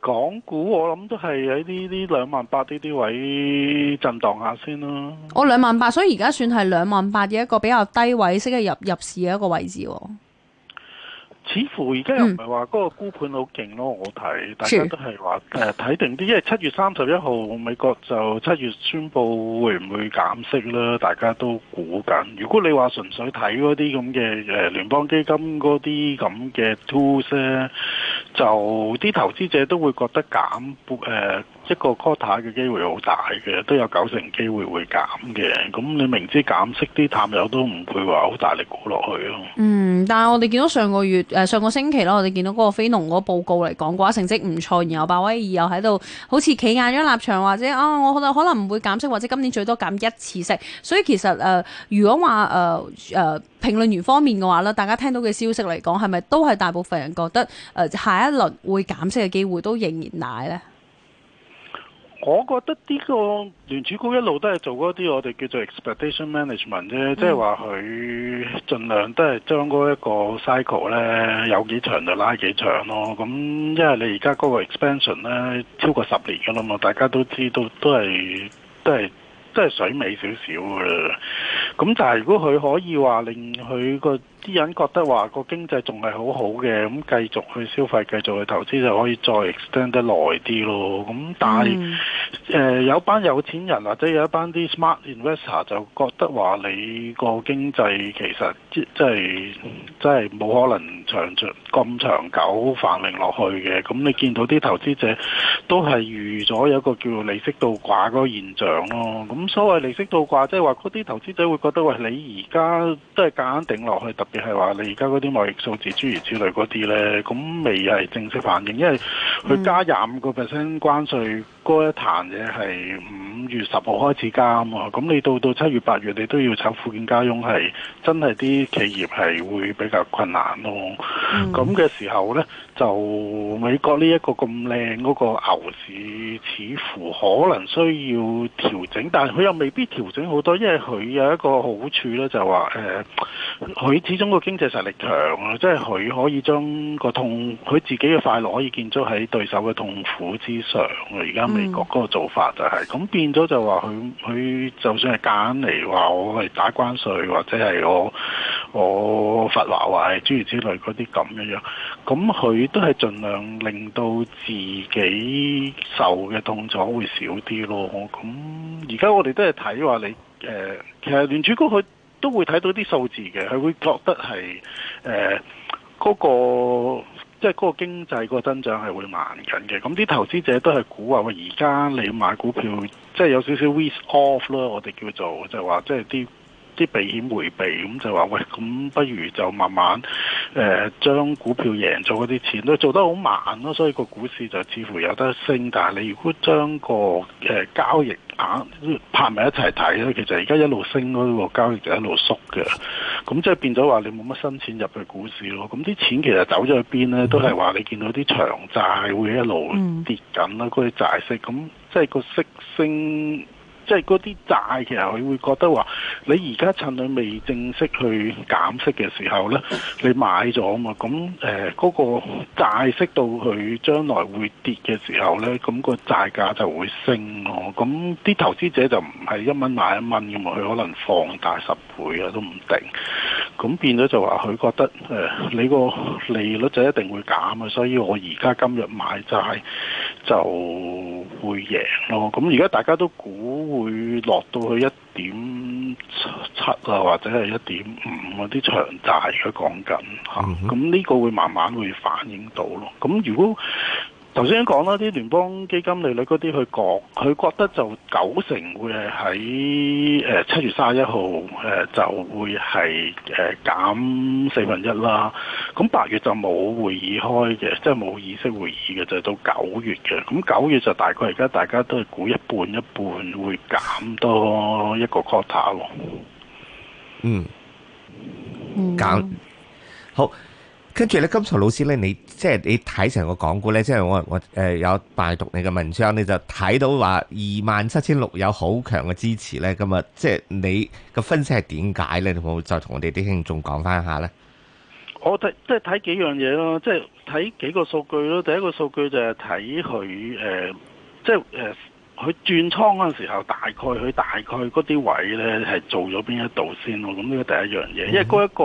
港股我諗都係喺呢啲兩萬八呢啲位震盪下先咯、啊哦。我兩萬八，所以而家算係兩萬八嘅一個比較低位，式嘅入入市嘅一個位置。似乎而家又唔係話嗰個沽盤好勁咯，我睇大家都係話誒睇定啲，因為七月三十一號美國就七月宣布會唔會減息咧，大家都估緊。如果你話純粹睇嗰啲咁嘅誒聯邦基金嗰啲咁嘅 tools，就啲投資者都會覺得減誒。呃一個 q u o t a 嘅機會好大嘅，都有九成機會會減嘅。咁你明知減息，啲探友都唔會話好大力沽落去咯。嗯，但係我哋見到上個月誒、呃、上個星期咯，我哋見到嗰個非農嗰報告嚟講嘅話，成績唔錯。然後鮑威爾又喺度好似企硬咗立場，或者啊、哦，我覺得可能唔會減息，或者今年最多減一次息。所以其實誒、呃，如果話誒誒評論員方面嘅話咧，大家聽到嘅消息嚟講，係咪都係大部分人覺得誒、呃、下一輪會減息嘅機會都仍然大咧？我覺得呢個聯儲局一路都係做嗰啲我哋叫做 expectation management 啫，即係話佢盡量都係將嗰一個 cycle 咧，有幾長就拉幾長咯。咁因為你而家嗰個 expansion 咧，超過十年㗎啦嘛，大家都知道都係都係都係水尾少少嘅。咁但係如果佢可以話令佢個啲人覺得話個經濟仲係好好嘅，咁繼續去消費、繼續去投資就可以再 extend 得耐啲咯。咁但係誒、嗯呃、有班有錢人或者有一班啲 smart investor 就覺得話你個經濟其實即係即係冇可能長長咁長久繁榮落去嘅。咁你見到啲投資者都係預咗有一個叫利息倒掛嗰個現象咯。咁所謂利息倒掛即係話嗰啲投資者會覺得喂，你而家都係夾硬頂落去特你係話你而家嗰啲貿易數字諸如此類嗰啲咧，咁未係正式反應，因為佢加廿五個 percent 關稅。多一壇嘢係五月十號開始加啊嘛，咁你到到七月八月你都要炒福建家傭係真係啲企業係會比較困難咯。咁、嗯、嘅時候呢，就美國呢一個咁靚嗰個牛市，似乎可能需要調整，但係佢又未必調整好多，因為佢有一個好處呢，就話、是、誒，佢、呃、始終個經濟實力強啊，即係佢可以將個痛，佢自己嘅快樂可以建築喺對手嘅痛苦之上而家。嗯、美國嗰個做法就係、是、咁變咗，就話佢佢就算係揀嚟話我係打關稅，或者係我我發話話係諸如此類嗰啲咁樣樣，咁佢都係盡量令到自己受嘅痛楚會少啲咯。咁而家我哋都係睇話你誒，其實聯儲局佢都會睇到啲數字嘅，佢會覺得係誒嗰個。即係嗰個經濟個增長係會慢緊嘅，咁啲投資者都係估話，喂，而家你買股票，即係有少少 risk off 咯，我哋叫做、就係、即係話即係啲。啲避險迴避咁就話喂，咁不如就慢慢誒、呃、將股票贏咗嗰啲錢都做得好慢咯，所以個股市就似乎有得升。但係你如果將個誒交易額、啊、拍埋一齊睇咧，其實而家一路升嗰、嗰個交易就一路縮嘅。咁即係變咗話你冇乜新錢入去股市咯。咁啲錢其實走咗去邊咧，都係話你見到啲長債會一路跌緊啦，嗰啲債息咁即係個息升。即係嗰啲債，其實佢會覺得話，你而家趁佢未正式去減息嘅時候呢，你買咗嘛，咁誒嗰個債息到佢將來會跌嘅時候呢，咁個債價就會升咯，咁啲投資者就唔係一蚊買一蚊咁啊，佢可能放大十倍啊都唔定。咁變咗就話佢覺得、哎、你個利率就一定會減啊，所以我而家今日買債就會贏咯。咁而家大家都估會落到去一點七啊，或者係一點五嗰啲長債佢講緊吓，咁呢個會慢慢會反映到咯。咁如果頭先講啦，啲聯邦基金利率嗰啲，佢覺，佢覺得就九成會係喺誒七月卅一號誒，就會係誒減四分一啦。咁八月就冇會議開嘅，即係冇議息會議嘅就係、到九月嘅，咁九月就大概而家大家都係估一半一半會減多一個 quarter 喎。嗯，減、嗯、好。跟住咧，金曹老師咧，你即係你睇成個港股咧，即係我我誒、呃、有拜讀你嘅文章，你就睇到話二萬七千六有好強嘅支持咧。咁啊，即係你個分析係點解咧？你冇再同我哋啲聽眾講翻一下咧？我睇即係睇幾樣嘢咯，即係睇幾個數據咯。第一個數據就係睇佢誒，即係誒。呃佢轉倉嗰陣時候，大概佢大概嗰啲位呢係做咗邊一度先咯？咁呢個第一樣嘢、嗯，因為嗰、那、一個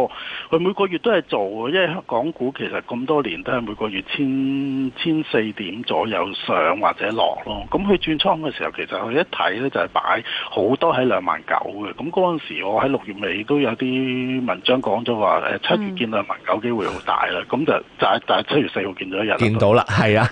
佢每個月都係做，因為港股其實咁多年都係每個月千千四點左右上或者落咯。咁佢轉倉嘅時候，其實佢一睇呢就係、是、擺好多喺兩萬九嘅。咁嗰陣時，我喺六月尾都有啲文章講咗話，七月見兩萬九機會好大啦。咁、嗯、就就係就七月四號見咗一日。見到啦，係啊。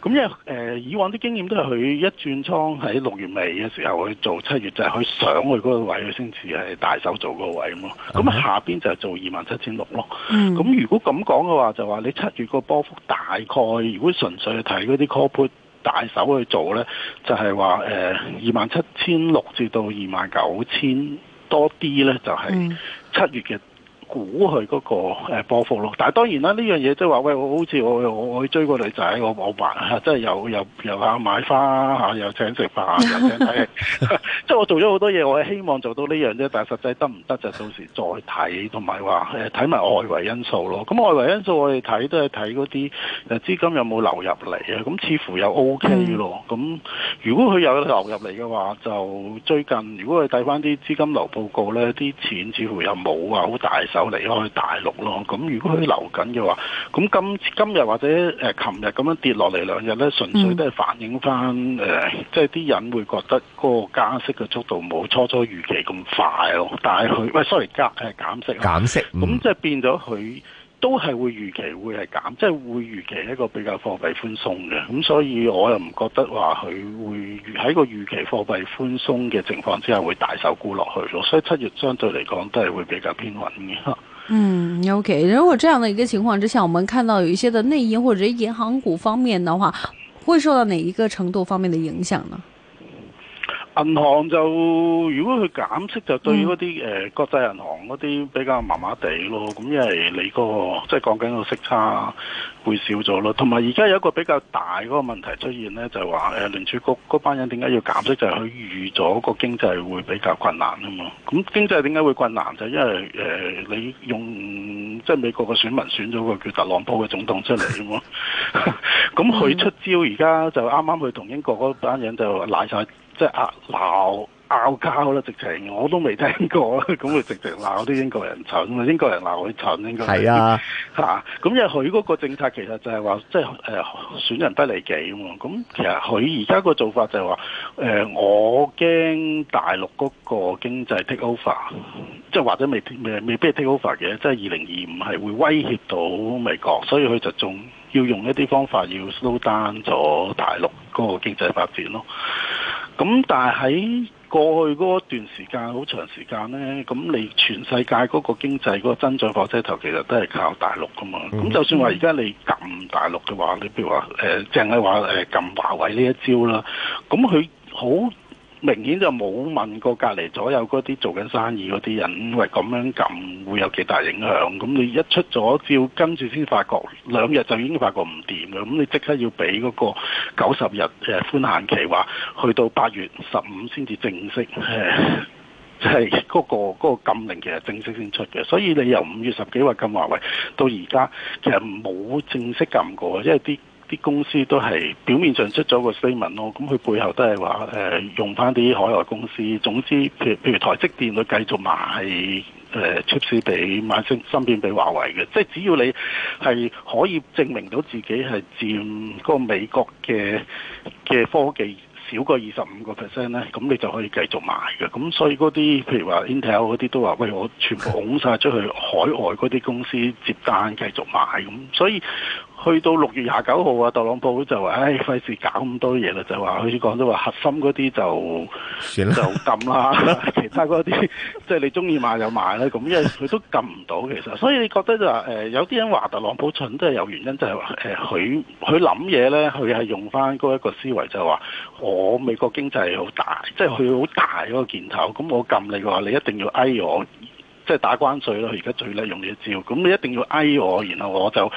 咁 因為誒、呃、以往啲經驗都係佢。一轉倉喺六月尾嘅時候去做七月，就係、是、去上去嗰個位去增持，係大手做嗰個位咁咯，咁下邊就係做二萬七千六咯。咁如果咁講嘅話就話你七月個波幅大概如果純粹睇嗰啲 call put 大手去做咧，就係話，誒二萬七千六至到二萬九千多啲咧就係、是、七月嘅估佢嗰個波幅咯，但係當然啦，呢樣嘢即係話喂，我好似我我我追過女仔，我我扮嚇，即係又又又下買花嚇，又請食飯，又請睇，即係我做咗好多嘢，我係希望做到呢樣啫。但係實際得唔得就到時再睇，同埋話睇埋外圍因素咯。咁外圍因素我哋睇都係睇嗰啲誒資金有冇流入嚟啊。咁似乎又 OK 咯。咁如果佢有流入嚟嘅話，就最近如果佢睇翻啲資金流報告咧，啲錢似乎又冇啊，好大。有離開大陸咯，咁如果佢留緊嘅話，咁今今日或者誒琴日咁樣跌落嚟兩日咧，純粹都係反映翻誒、呃，即係啲人會覺得嗰個加息嘅速度冇初初預期咁快咯，啊。但係佢，喂，sorry，加係減息，減息，咁即係變咗佢。都係會預期會係減，即係會預期一個比較貨幣寬鬆嘅，咁所以我又唔覺得話佢會喺個預期貨幣寬鬆嘅情況之下會大手沽落去咗，所以七月相對嚟講都係會比較偏穩嘅。嗯，OK，如果這樣的一個情況之下，我們看到有一些的內銀或者銀行股方面的話，會受到哪一個程度方面的影響呢？銀行就如果佢減息，就對嗰啲誒國際銀行嗰啲比較麻麻地咯。咁因為你、嗰個即係、就是、講緊個息差會少咗咯。同埋而家有一個比較大嗰個問題出現咧，就係話誒聯儲局嗰班人點解要減息？就係、是、佢預咗個經濟會比較困難啊嘛。咁經濟點解會困難？就是、因為誒、呃、你用即係、嗯就是、美國嘅選民選咗個叫特朗普嘅總統出嚟㗎嘛。咁 佢、嗯、出招而家就啱啱佢同英國嗰班人就賴晒。即、就、係、是、啊鬧、拗交啦，直情我都未聽過，咁啊直情鬧啲英國人蠢啊，英國人鬧佢蠢應該係啊嚇，咁、啊、因為佢嗰個政策其實就係話即係誒損人不利己喎。咁其實佢而家個做法就係話誒，我驚大陸嗰個經濟 takeover，即係或者未未，未必 takeover 嘅，即係二零二五係會威脅到美國，所以佢就仲要用一啲方法要 slow down 咗大陸嗰個經濟發展咯。咁但係喺過去嗰段時間，好長時間呢，咁你全世界嗰個經濟嗰個增長火車頭其實都係靠大陸㗎嘛。咁就算話而家你撳大陸嘅話，你譬如話淨係話誒，撳、呃呃、華為呢一招啦，咁佢好明顯就冇問過隔離左右嗰啲做緊生意嗰啲人，喂咁樣撳會有幾大影響？咁你一出咗照，跟住先發覺兩日就已經發覺唔掂啦。咁你即刻要俾嗰個九十日誒寬限期，話去到八月十五先至正式即係嗰個嗰、嗰個、禁令其實正式先出嘅。所以你由五月十幾話禁華為，到而家其實冇正式撳過，因為啲。啲公司都係表面上出咗個聲明咯，咁佢背後都係話、呃、用返啲海外公司，總之，譬如譬如台積電佢繼續買誒、呃、chips 俾買晶芯片俾華為嘅，即係只要你係可以證明到自己係佔嗰個美國嘅嘅科技少過二十五個 percent 咧，咁你就可以繼續買嘅。咁所以嗰啲譬如話 Intel 嗰啲都話喂，我全部拱晒出去海外嗰啲公司接單繼續買咁，所以。去到六月廿九號啊，特朗普就話，唉、哎，費事搞咁多嘢啦，就話好似講咗話核心嗰啲就就撳啦，其他嗰啲即係你中意買就買啦。咁因為佢都撳唔到其實，所以你覺得就話誒、呃，有啲人話特朗普蠢都係有原因，就係話誒，佢佢諗嘢咧，佢係用翻嗰一個思維，就係話，我美國經濟好大，即係佢好大嗰個箭頭，咁我撳你嘅話，你一定要哎我。即係打關稅咯，佢而家最叻用呢一招。咁你一定要嗌我，然後我就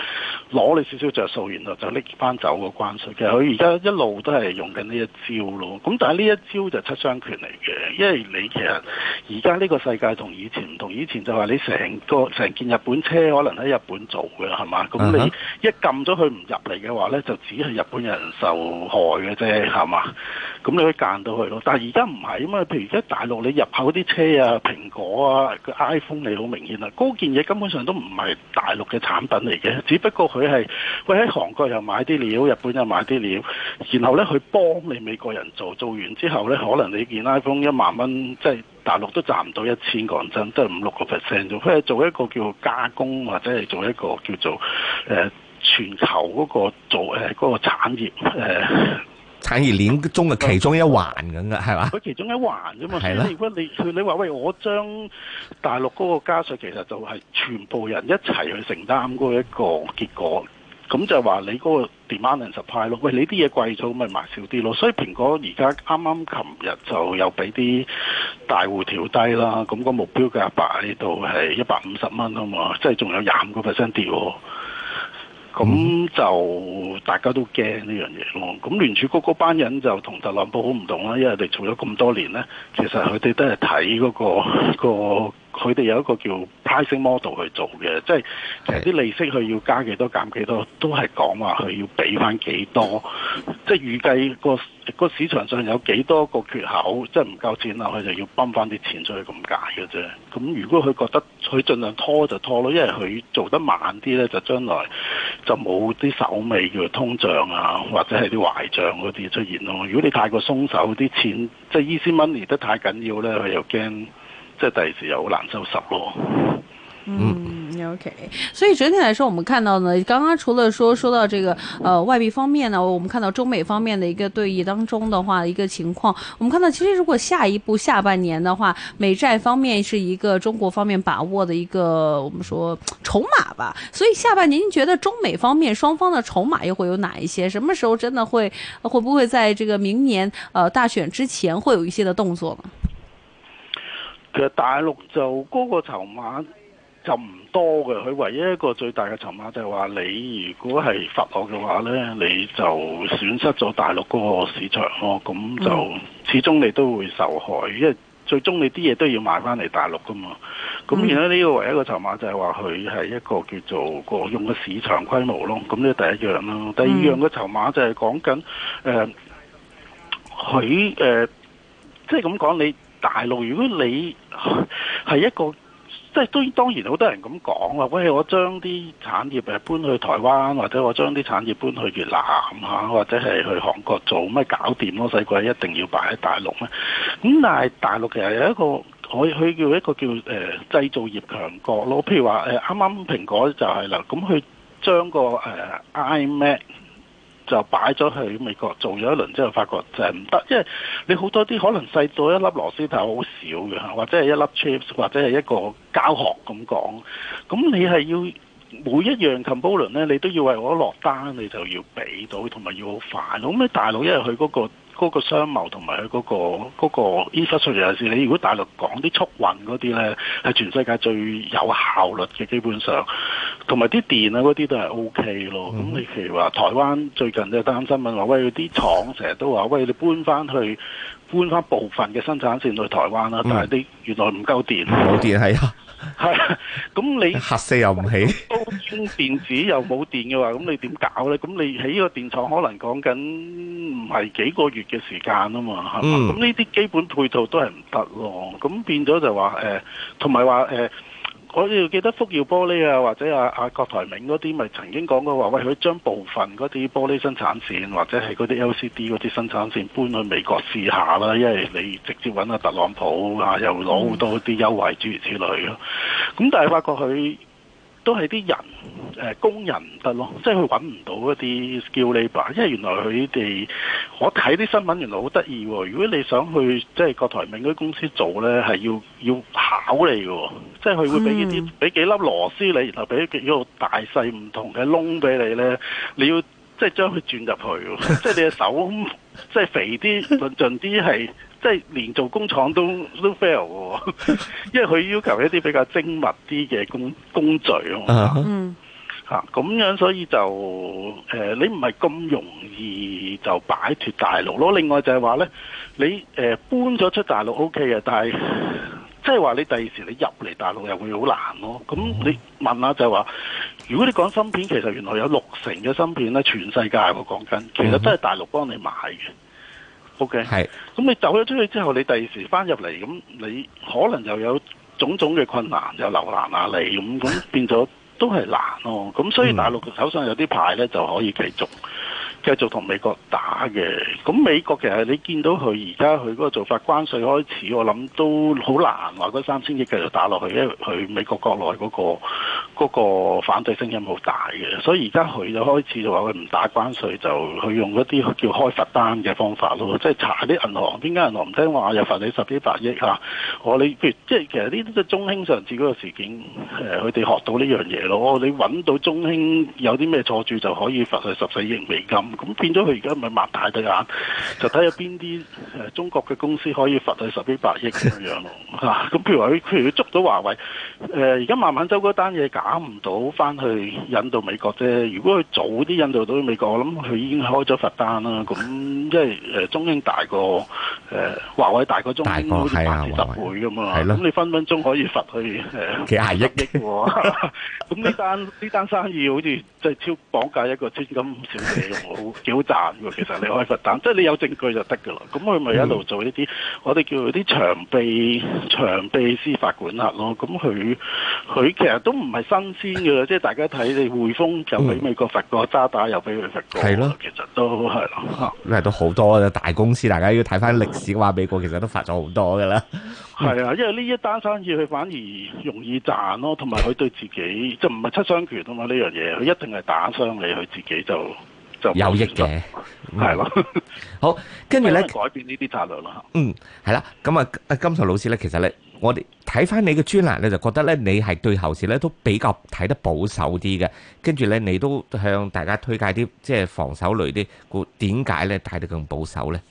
攞你少少着數，然後就拎翻走個關稅。其實佢而家一路都係用緊呢一招咯。咁但係呢一招就七傷拳嚟嘅，因為你其實而家呢個世界同以前唔同。以前就話你成個成件日本車可能喺日本做嘅係嘛，咁你一撳咗佢唔入嚟嘅話呢，就只係日本人受害嘅啫係嘛。咁你可以賺到佢咯，但係而家唔係啊嘛，譬如而家大陸你入口啲車啊、蘋果啊、iPhone 你好明顯啦，嗰件嘢根本上都唔係大陸嘅產品嚟嘅，只不過佢係喂喺韓國又買啲料，日本又買啲料，然後咧佢幫你美國人做，做完之後咧，可能你件 iPhone 一萬蚊，即係大陸都賺唔到一千講真，即係五六個 percent 啫，佢係、就是、做一個叫做加工或者係做一個叫做誒、呃、全球嗰個做嗰、呃嗰個產業、呃產業鏈中嘅其中一環咁嘅係嘛？佢其中一環啫嘛。係啦。如果你你話喂，我將大陸嗰個加稅，其實就係全部人一齊去承擔嗰一個結果。咁就話、係、你嗰個 demand 十派咯。喂，你啲嘢貴咗，咪賣少啲咯。所以蘋果而家啱啱琴日就又俾啲大戶調低啦。咁、個目標價擺喺度係一百五十蚊啊嘛，即係仲有廿五個 percent 跌。咁、嗯、就大家都驚呢樣嘢咯。咁聯儲局嗰班人就同特朗普好唔同啦，因為佢哋做咗咁多年咧，其實佢哋都係睇嗰個個。佢哋有一個叫 pricing model 去做嘅，即係啲利息佢要加幾多減幾多，都係講話佢要俾翻幾多，即係預計個，個市場上有幾多個缺口，即係唔夠錢啦，佢就要泵翻啲錢出去咁解嘅啫。咁如果佢覺得佢盡量拖就拖咯，因為佢做得慢啲呢，就將來就冇啲手尾嘅通脹啊，或者係啲壞賬嗰啲出現咯。如果你太過鬆手，啲錢即係 easy money 得太緊要呢，佢又驚。即係第二時又好難收拾咯。嗯，OK。所以整體來說，我們看到呢，剛剛除了說說到這個呃，外幣方面呢，我們看到中美方面的一個對弈當中的話，一個情況。我們看到其實如果下一步下半年的話，美債方面是一個中國方面把握的一個我們說籌碼吧。所以下半年，您覺得中美方面雙方的籌碼又會有哪一些？什麼時候真的會會不會在這個明年，呃，大選之前會有一些的動作呢？其實大陸就嗰個籌碼就唔多嘅，佢唯一一個最大嘅籌碼就係話你如果係罰我嘅話呢，你就損失咗大陸嗰個市場咯，咁就始終你都會受害，因為最終你啲嘢都要賣翻嚟大陸噶嘛。咁然後呢個唯一一個籌碼就係話佢係一個叫做個用嘅市場規模咯，咁呢第一樣囉。第二樣嘅籌碼就係講緊誒，佢、呃、誒、呃，即係咁講你。大陸，如果你係一個，即係當然當然好多人咁講啊，喂，我將啲產業誒搬去台灣，或者我將啲產業搬去越南嚇，或者係去韓國做，咩搞掂咯，使鬼一定要擺喺大陸咩？咁但係大陸其實有一個，可以佢叫一個叫誒、呃、製造業強國咯，譬如話誒啱啱蘋果就係、是、啦，咁佢將一個誒 iMac。呃 IMAG, 就擺咗去美國做咗一輪之後，發覺就係唔得，因為你好多啲可能細到一粒螺絲頭，好少嘅，或者係一粒 chips，或者係一個膠殼咁講。咁你係要每一樣 component 咧，你都要為我落單，你就要俾到，同埋要好快。咁你大陸因為佢嗰個。嗰、那個商貿同埋佢嗰個嗰、那個 infrastructure 尤其是你如果大陸講啲速運嗰啲咧，係全世界最有效率嘅基本上，同埋啲電啊嗰啲都係 OK 咯。咁、嗯、你譬如話台灣最近都係擔心問話，喂啲廠成日都話，喂，你搬翻去搬翻部分嘅生產線去台灣啦、嗯，但係你原來唔夠電，冇電係啊，係 咁你核四又唔起，高精電子又冇電嘅話，咁你點搞咧？咁你喺呢個電廠可能講緊。係幾個月嘅時間啊嘛，係嘛？咁呢啲基本配套都係唔得咯。咁變咗就話誒，同埋話誒，我哋記得福耀玻璃啊，或者阿阿郭台銘嗰啲，咪曾經講過話喂，佢將部分嗰啲玻璃生產線，或者係嗰啲 LCD 嗰啲生產線搬去美國試下啦。因為你直接揾阿特朗普啊，又攞好多啲優惠諸如此類咯。咁、嗯、但係發覺佢。都係啲人誒、呃、工人唔得咯，即係佢揾唔到一啲 skill labour，因為原來佢哋我睇啲新聞原來好得意喎。如果你想去即係郭台銘啲公司做咧，係要要考你嘅，即係佢會俾啲俾幾粒螺絲你，然後俾幾個大細唔同嘅窿俾你咧，你要即係將佢轉入去，即係你嘅手 即係肥啲，論盡啲係。即係連做工廠都都 fail，哦、因為佢要求一啲比較精密啲嘅工工具、哦 uh -huh. 啊咁樣所以就誒、呃、你唔係咁容易就擺脫大陸咯。另外就係話咧，你誒、呃、搬咗出大陸 OK 嘅，但係即係話你第二時你入嚟大陸又會好難咯。咁你問下就係話，如果你講芯片，其實原來有六成嘅芯片咧，全世界我講緊，其實都係大陸幫你買嘅。O.K.，係，咁你走咗出去之後，你第二時翻入嚟，咁你可能又有種種嘅困難，又流難啊你咁，咁變咗都係難咯、哦。咁所以大陸手上有啲牌咧，就可以繼續，繼續同美國打嘅，咁美國其實你見到佢而家佢嗰個做法關稅開始，我諗都好難話嗰三千億繼續打落去，因為佢美國國內嗰個嗰個反對聲音好大嘅，所以而家佢就開始就話佢唔打關稅，就佢用一啲叫開罰單嘅方法咯，即係查啲銀行邊間銀行唔聽話又罰你十幾百億吓。我你，譬如，即係其實呢啲中興上次嗰個事件，佢哋學到呢樣嘢咯，你揾到中興有啲咩錯處就可以罰佢十四億美金。咁變咗佢而家唔係擘大對眼，就睇下邊啲中國嘅公司可以罰去十幾百億咁樣咯，咁、 啊、譬如話佢，譬如佢捉到華為，誒而家孟晚舟嗰單嘢搞唔到翻去引渡美國啫。如果佢早啲引渡到美國，我諗佢已經開咗罰單啦。咁即係中英大過誒、呃、華為大過中英好似百十倍咁啊！咁你分分鐘可以罰去、呃、幾廿億億喎！咁 呢 這單呢 單生意好似即係超綁架一個千金小姐喎～好賺喎，其實你可以罰單，即係你有證據就得噶啦。咁佢咪一路做呢啲，嗯、我哋叫啲長臂長臂司法管轄咯。咁佢佢其實都唔係新鮮噶，即係大家睇你匯豐就俾美國罰過、嗯、渣打，又俾佢罰過，係咯，其實都係咯。因為都好多嘅大公司，大家要睇翻歷史嘅話，美國其實都罰咗好多噶啦。係啊，因為呢一單生意佢反而容易賺咯，同埋佢對自己即唔係七傷拳啊嘛，呢樣嘢佢一定係打傷你，佢自己就。就有，的有益嘅，係咯。好，跟住咧，改變呢啲策略咯。嗯，係啦。咁 啊、嗯，金穗老師咧，其實咧，我哋睇翻你嘅專欄咧，就覺得咧，你係對後市咧都比較睇得保守啲嘅。跟住咧，你都向大家推介啲即係防守類啲股，點解咧睇得咁保守咧？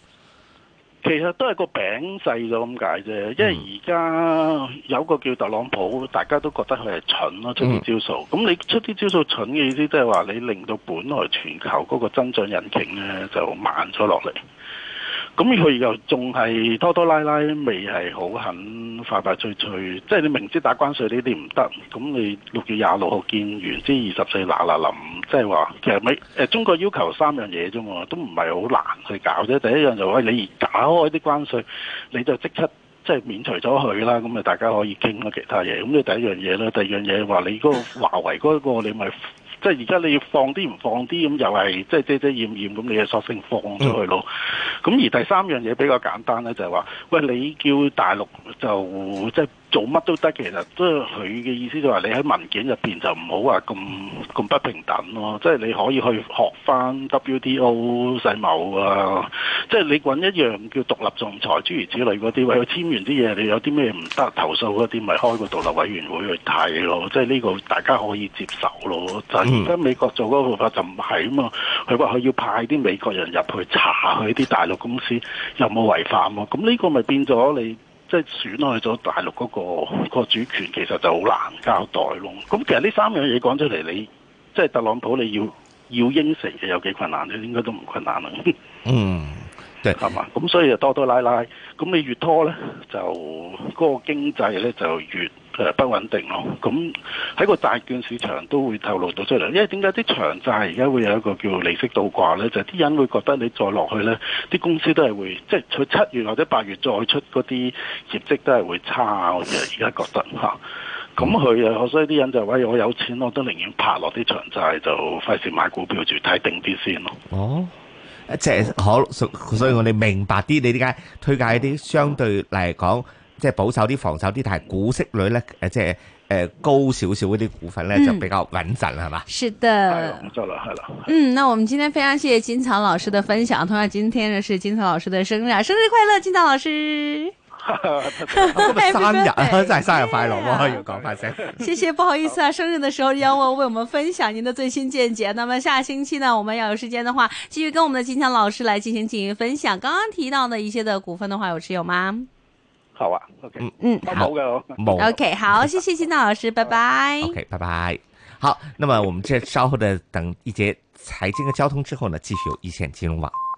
其實都係個餅細咗咁解啫，因為而家有個叫特朗普，大家都覺得佢係蠢咯，出啲招數。咁你出啲招數蠢嘅意思，即係話你令到本來全球嗰個增長引擎咧就慢咗落嚟。咁佢又仲係拖拖拉拉，未係好肯快快脆脆。即係你明知打關稅呢啲唔得，咁你六月廿六號見完啲二十四嗱嗱臨，即係話其實咪、呃、中國要求三樣嘢啫嘛，都唔係好難去搞啫。第一樣就話、是、你而打開啲關稅，你就刻即刻即係免除咗佢啦，咁咪大家可以傾咯其他嘢。咁你第一樣嘢啦，第二樣嘢話、就是、你嗰、個華為嗰、個你咪、就是。即係而家你要放啲唔放啲，咁又係即遮遮掩掩，咁你就索性放咗佢咯。咁、嗯、而第三樣嘢比較簡單咧，就係、是、話，喂，你叫大陸就即係。做乜都得，其實即係佢嘅意思就係你喺文件入邊就唔好話咁咁不平等咯，即係你可以去學翻 WTO 世貿啊，即係你揾一樣叫獨立仲裁諸如此類嗰啲，或者簽完啲嘢，你有啲咩唔得投訴嗰啲，咪開個獨立委員會去睇咯，即係呢個大家可以接受咯。就因為美國做嗰個法就唔係啊嘛，佢話佢要派啲美國人入去查佢啲大陸公司有冇違反啊嘛，咁呢個咪變咗你。即係損害咗大陸嗰個嗰個主權，其實就好難交代咯。咁其實呢三樣嘢講出嚟，你即係特朗普，你要要應承嘅有幾困難咧？應該都唔困難啦。 嗯。係嘛？咁所以就拖拖拉拉。咁你越拖咧，就嗰、那個經濟咧就越誒、呃、不穩定咯。咁喺個債券市場都會透露到出嚟。因為點解啲長債而家會有一個叫利息倒掛咧？就啲、是、人會覺得你再落去咧，啲公司都係會即係佢七月或者八月再出嗰啲業績都係會差，我而家覺得吓，咁佢啊，所以啲人就喂，我有錢，我都寧願拍落啲長債，就費事買股票住，睇定啲先咯。哦。即、就、可、是，所以我哋明白啲，你點解推介一啲相對嚟講，即、就、係、是、保守啲、防守啲，但係股息率咧，即、就、係、是呃、高少少嗰啲股份咧，就比較穩陣係嘛、嗯？是的，係啦，嗯，那我們今天非常謝謝金曹老師的分享，同埋今天呢是金曹老師的生日，生日快樂，金曹老師。好 別的，生 日 Happy birthday, 再生日快樂！又講快聲， 謝謝，不好意思啊，生日的時候要我為我們分享您的最新見解。 那麼下星期呢，我們要有時間的話，繼續跟我們的金曹老師來進行進行分享。剛剛提到的一些的股份的話，有持有嗎？好啊，OK，嗯，好，某、嗯、OK，好，謝謝金曹老師， 拜拜，OK，拜拜，好，那麼我們這稍後的等一節財經和交通之後呢，繼續有一線金融網。